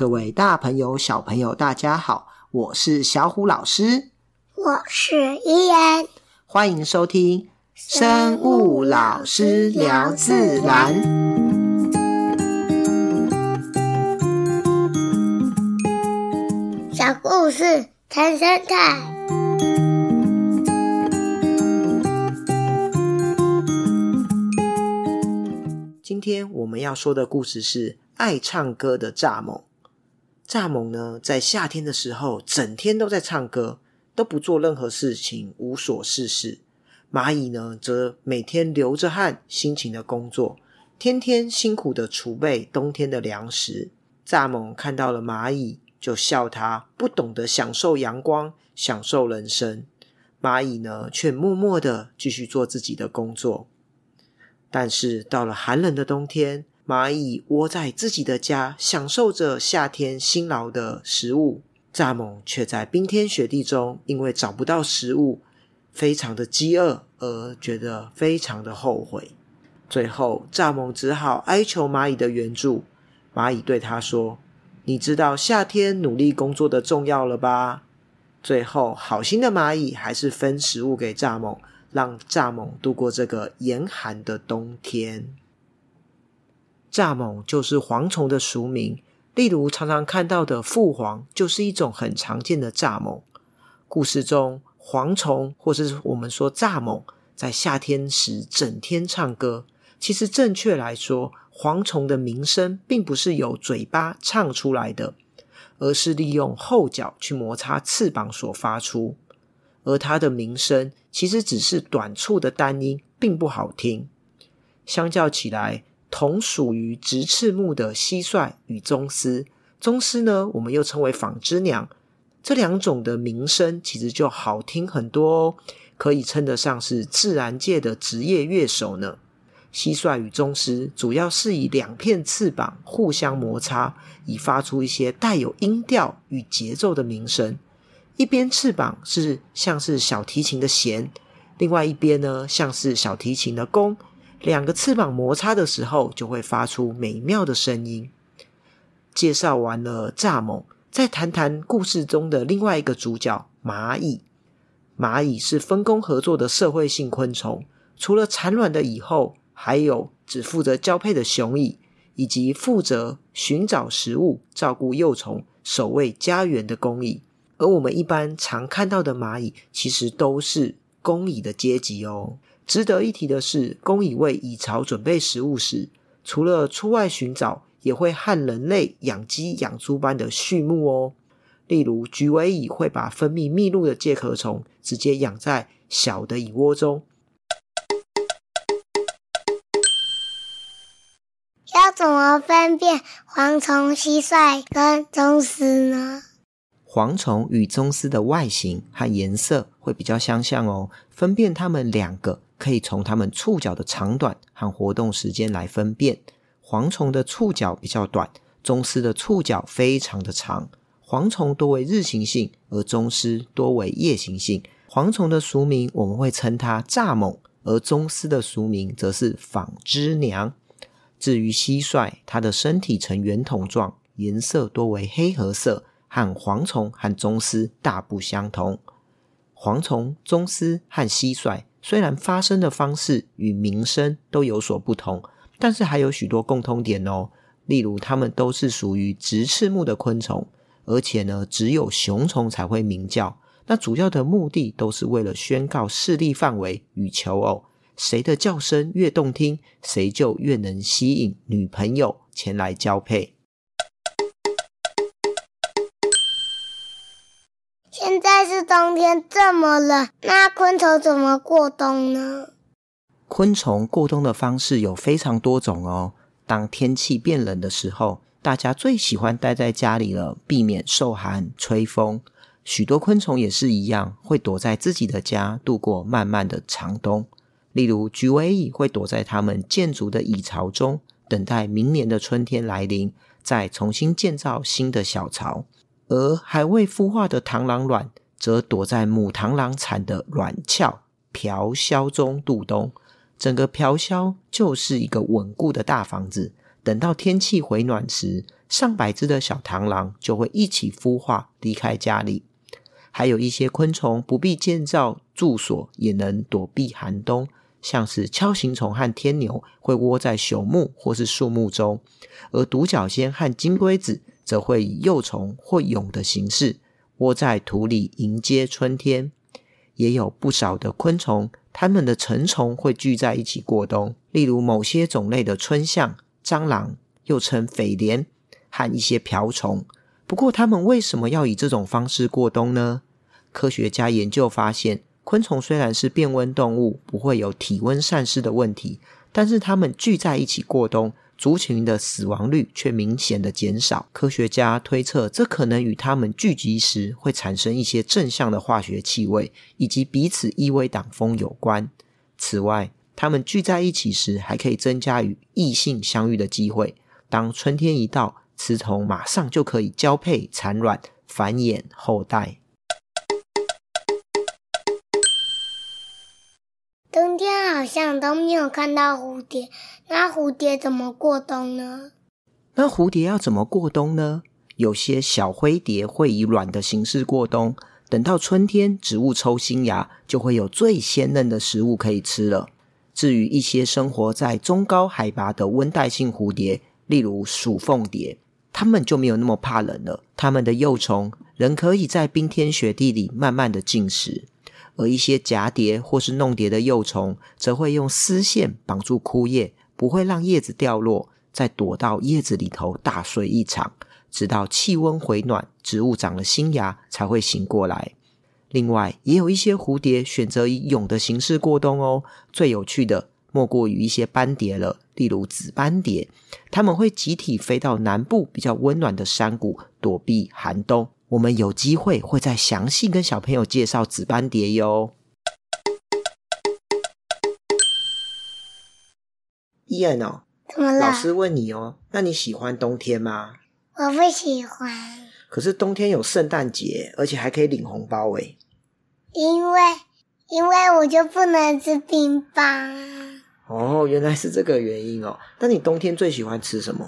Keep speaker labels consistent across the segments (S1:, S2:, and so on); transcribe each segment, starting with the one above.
S1: 各位大朋友、小朋友，大家好！我是小虎老師，我是依然，歡迎收聽《生物老師聊自然》小故事談生態。今天我們要說的故事是《愛唱歌的蚱蜢》。蚱蜢呢，在夏天的時候，整天都在唱歌，都不做任何事情，無所事事。螞蟻呢，則每天流着汗，辛勤的工作，天天辛苦的儲備冬天的糧食。蚱蜢看到了螞蟻，就笑它不懂得享受陽光，享受人生。螞蟻呢，卻默默的繼續做自己的工作。但是到了寒冷的冬天。螞蟻窩在自己的家，享受着夏天辛勞的食物。蚱蜢卻在冰天雪地中，因為找不到食物，非常的飢餓，而覺得非常的後悔。最後，蚱蜢只好哀求螞蟻的援助。螞蟻對他說：“你知道夏天努力工作的重要了吧？”最後，好心的螞蟻還是分食物給蚱蜢，讓蚱蜢度過這個嚴寒的冬天。蚱蜢就是蝗蟲的俗名，例如常常看到的負蝗，就是一種很常見的蚱蜢。故事中，蝗蟲或是我們說蚱蜢，在夏天時整天唱歌。其實，正確來說，蝗蟲的鳴聲並不是由嘴巴唱出來的，而是利用後腳去摩擦翅膀所發出。而它的鳴聲其實只是短促的單音，並不好聽。相較起來，同屬於直翅目的蟋蟀與螽斯，螽斯呢，我們又稱為紡織娘，這兩種的鳴聲其實就好聽很多哦，可以稱得上是自然界的職業樂手呢。蟋蟀與螽斯主要是以兩片翅膀互相摩擦，以發出一些帶有音調與節奏的鳴聲。一邊翅膀是像是小提琴的弦，另外一邊呢，像是小提琴的弓。兩個翅膀摩擦的時候，就會發出美妙的聲音。介紹完了蚱蜢，再談談故事中的另外一個主角——螞蟻。螞蟻是分工合作的社會性昆蟲，除了產卵的蟻後，還有只負責交配的雄蟻，以及負責尋找食物、照顧幼蟲、守衛家園的工蟻。而我們一般常看到的螞蟻，其實都是工蟻的階級哦，值得一提的是，工蟻為蟻巢準備食物時，除了出外尋找，也會和人類養雞養豬般的畜牧哦。例如，舉尾蟻會把分泌蜜露的介殼蟲直接養在小的蟻窩中。要怎
S2: 麼分辨蝗蟲、蟋蟀跟螽斯呢？
S1: 蝗蟲與螽蟴的外形和顏色會比較相像哦。分辨它們兩個，可以從它們觸角的長短和活動時間來分辨。蝗蟲的觸角比較短，螽蟴的觸角非常的長。蝗蟲多為日行性，而螽蟴多為夜行性。蝗蟲的俗名我們會稱它蚱蜢，而螽蟴的俗名則是紡織娘。至於蟋蟀，它的身體呈圓筒狀，顏色多為黑褐色。和蝗蟲、和螽蟴大不相同。蝗蟲、螽蟴和蟋蟀雖然發聲的方式與鳴聲都有所不同，但是還有許多共通點哦。例如，它們都是屬於直翅目的昆蟲，而且呢，只有雄蟲才會鳴叫。那主要的目的都是為了宣告勢力範圍與求偶。誰的叫聲越動聽，誰就越能吸引女朋友前來交配。
S2: 冬天這麼冷，那昆蟲怎麼過冬呢？
S1: 昆蟲過冬的方式有非常多種哦。當天氣變冷的時候，大家最喜歡待在家裡了，避免受寒吹風。許多昆蟲也是一樣，會躲在自己的家度過漫漫的長冬。例如，舉尾蟻會躲在他們建築的蟻巢中，等待明年的春天來臨，再重新建造新的小巢。而還未孵化的螳螂卵。則躲在母螳螂產的卵鞘、螵蛸中度冬，整個螵蛸就是一個穩固的大房子。等到天氣回暖時，上百隻的小螳螂就會一起孵化，離開家裡。還有一些昆蟲不必建造住所，也能躲避寒冬，像是鍬形蟲和天牛會窩在朽木或是樹木中，而獨角仙和金龜子則會以幼蟲或蛹的形式，窩在土裡迎接春天，也有不少的昆蟲，它們的成蟲會聚在一起過冬。例如某些種類的椿象、蟑螂，又稱蜚蠊，和一些瓢蟲。不過，它們為什麼要以這種方式過冬呢？科學家研究發現，昆蟲雖然是變溫動物，不會有體溫散失的問題，但是它們聚在一起過冬。族群的死亡率卻明顯的減少。科學家推測，這可能與他們聚集時會產生一些正向的化學氣味，以及彼此依偎擋風有關。此外，他們聚在一起時還可以增加與異性相遇的機會。當春天一到，雌蟲馬上就可以交配、產卵、繁衍後代。
S2: 好像都沒有看到蝴蝶，那蝴蝶怎麼過冬呢？
S1: 那蝴蝶要怎麼過冬呢？有些小灰蝶會以卵的形式過冬，等到春天植物抽新芽，就會有最鮮嫩的食物可以吃了。至於一些生活在中高海拔的溫帶性蝴蝶，例如曙鳳蝶，它們就沒有那麼怕冷了，它們的幼蟲仍可以在冰天雪地裡慢慢的進食。而一些蛱蝶或是弄蝶的幼蟲，則會用絲線綁住枯葉，不會讓葉子掉落，再躲到葉子裡頭大睡一場，直到氣溫回暖，植物長了新芽才會醒過來。另外，也有一些蝴蝶選擇以蛹的形式過冬哦，最有趣的莫過於一些斑蝶了，例如紫斑蝶，它們會集體飛到南部比較溫暖的山谷，躲避寒冬。我們有機會會再詳細跟小朋友介紹紫斑蝶喲。伊恩哦，怎麼了？老師問你哦，那你喜歡冬天嗎？
S2: 我不喜歡。
S1: 可是冬天有聖誕節，而且還可以領紅包哎。
S2: 因為因為我就不能吃冰棒。
S1: 哦，原來是這個原因哦。那你冬天最喜歡吃什麼？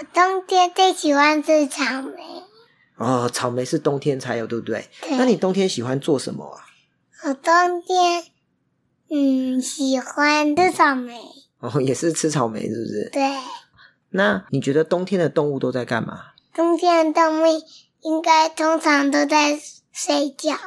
S2: 我冬天最喜歡吃草莓。
S1: 哦，草莓是冬天才有，對不對？對。那你冬天喜歡做什麼啊？我
S2: 冬天，嗯，喜歡吃草莓。
S1: 嗯。哦，也是吃草莓，是不是？對。那你覺得冬天的動物都在幹嘛？
S2: 冬天的動物應該通常都在睡覺吧。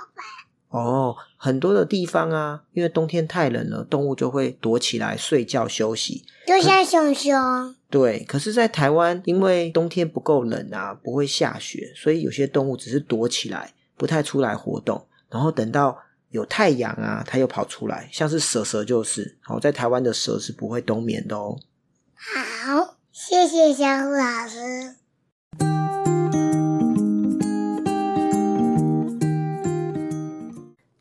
S1: 哦，很多的地方啊，因為冬天太冷了，動物就會躲起來睡覺休息，
S2: 就像熊熊。
S1: 對，可是，在台灣，因為冬天不夠冷啊，不會下雪，所以有些動物只是躲起來，不太出來活動，然後等到有太陽啊，它又跑出來，像是蛇蛇就是。好，哦，在台灣的蛇是不會冬眠的
S2: 哦。好，謝謝小虎老師。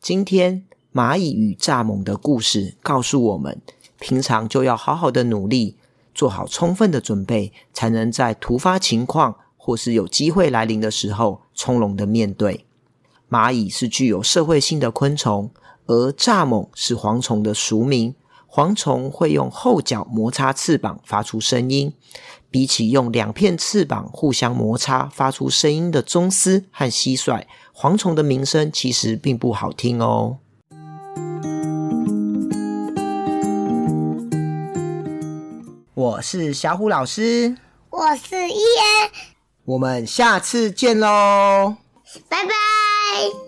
S1: 今天螞蟻與蚱蜢的故事告訴我們，平常就要好好的努力，做好充分的準備，才能在突發情況或是有機會來臨的時候，從容的面對。螞蟻是具有社會性的昆蟲，而蚱蜢是蝗蟲的俗名。蝗蟲會用後腳摩擦翅膀發出聲音，比起用兩片翅膀互相摩擦發出聲音的螽蟴和蟋蟀。蝗蟲的鳴聲其實並不好聽哦。我是小虎老師，
S2: 我是伊恩，
S1: 我們下次見嘍，
S2: 拜拜。